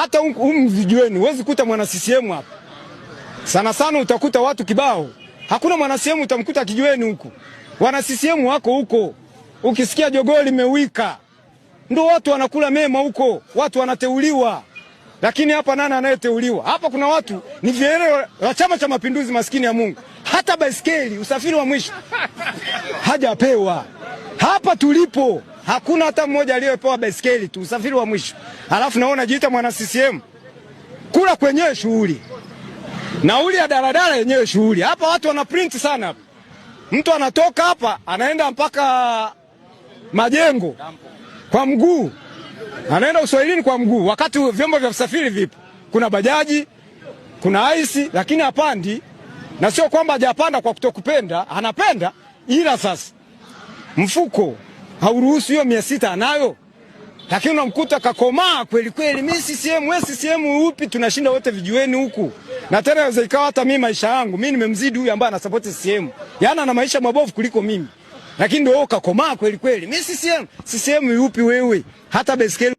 hata humu vijiweni huwezi kuta mwana CCM hapa. Sana sana utakuta watu kibao, hakuna mwana CCM utamkuta kijiweni huku. Wana CCM wako huko, ukisikia jogoo limewika ndo watu wanakula mema huko, watu wanateuliwa. Lakini hapa nani anayeteuliwa hapa? Kuna watu ni vielelezo la Chama cha Mapinduzi, maskini ya Mungu, hata baiskeli usafiri wa mwisho hajapewa hapa tulipo hakuna hata mmoja aliyepewa baiskeli tu usafiri wa mwisho. Alafu naona jiita mwana CCM, kula kwenyewe shughuli, nauli ya daladala yenyewe shughuli. Hapa watu wana print sana, mtu anatoka hapa anaenda mpaka majengo kwa mguu, anaenda uswahilini kwa mguu, wakati vyombo vya usafiri vipo, kuna bajaji, kuna aisi, lakini hapandi. Na sio kwamba hajapanda kwa kutokupenda, anapenda, ila sasa mfuko hauruhusu hiyo mia sita anayo, lakini unamkuta kakomaa kweli kweli. mi CCM wewe CCM upi? Tunashinda wote vijiweni huku, na tena naweza ikawa hata mi maisha yangu mi nimemzidi huyu ambaye anasapoti CCM, yaani ana maisha mabovu kuliko mimi, lakini ndo kakomaa kweli kweli. mi CCM CCM upi wewe? hata beskeli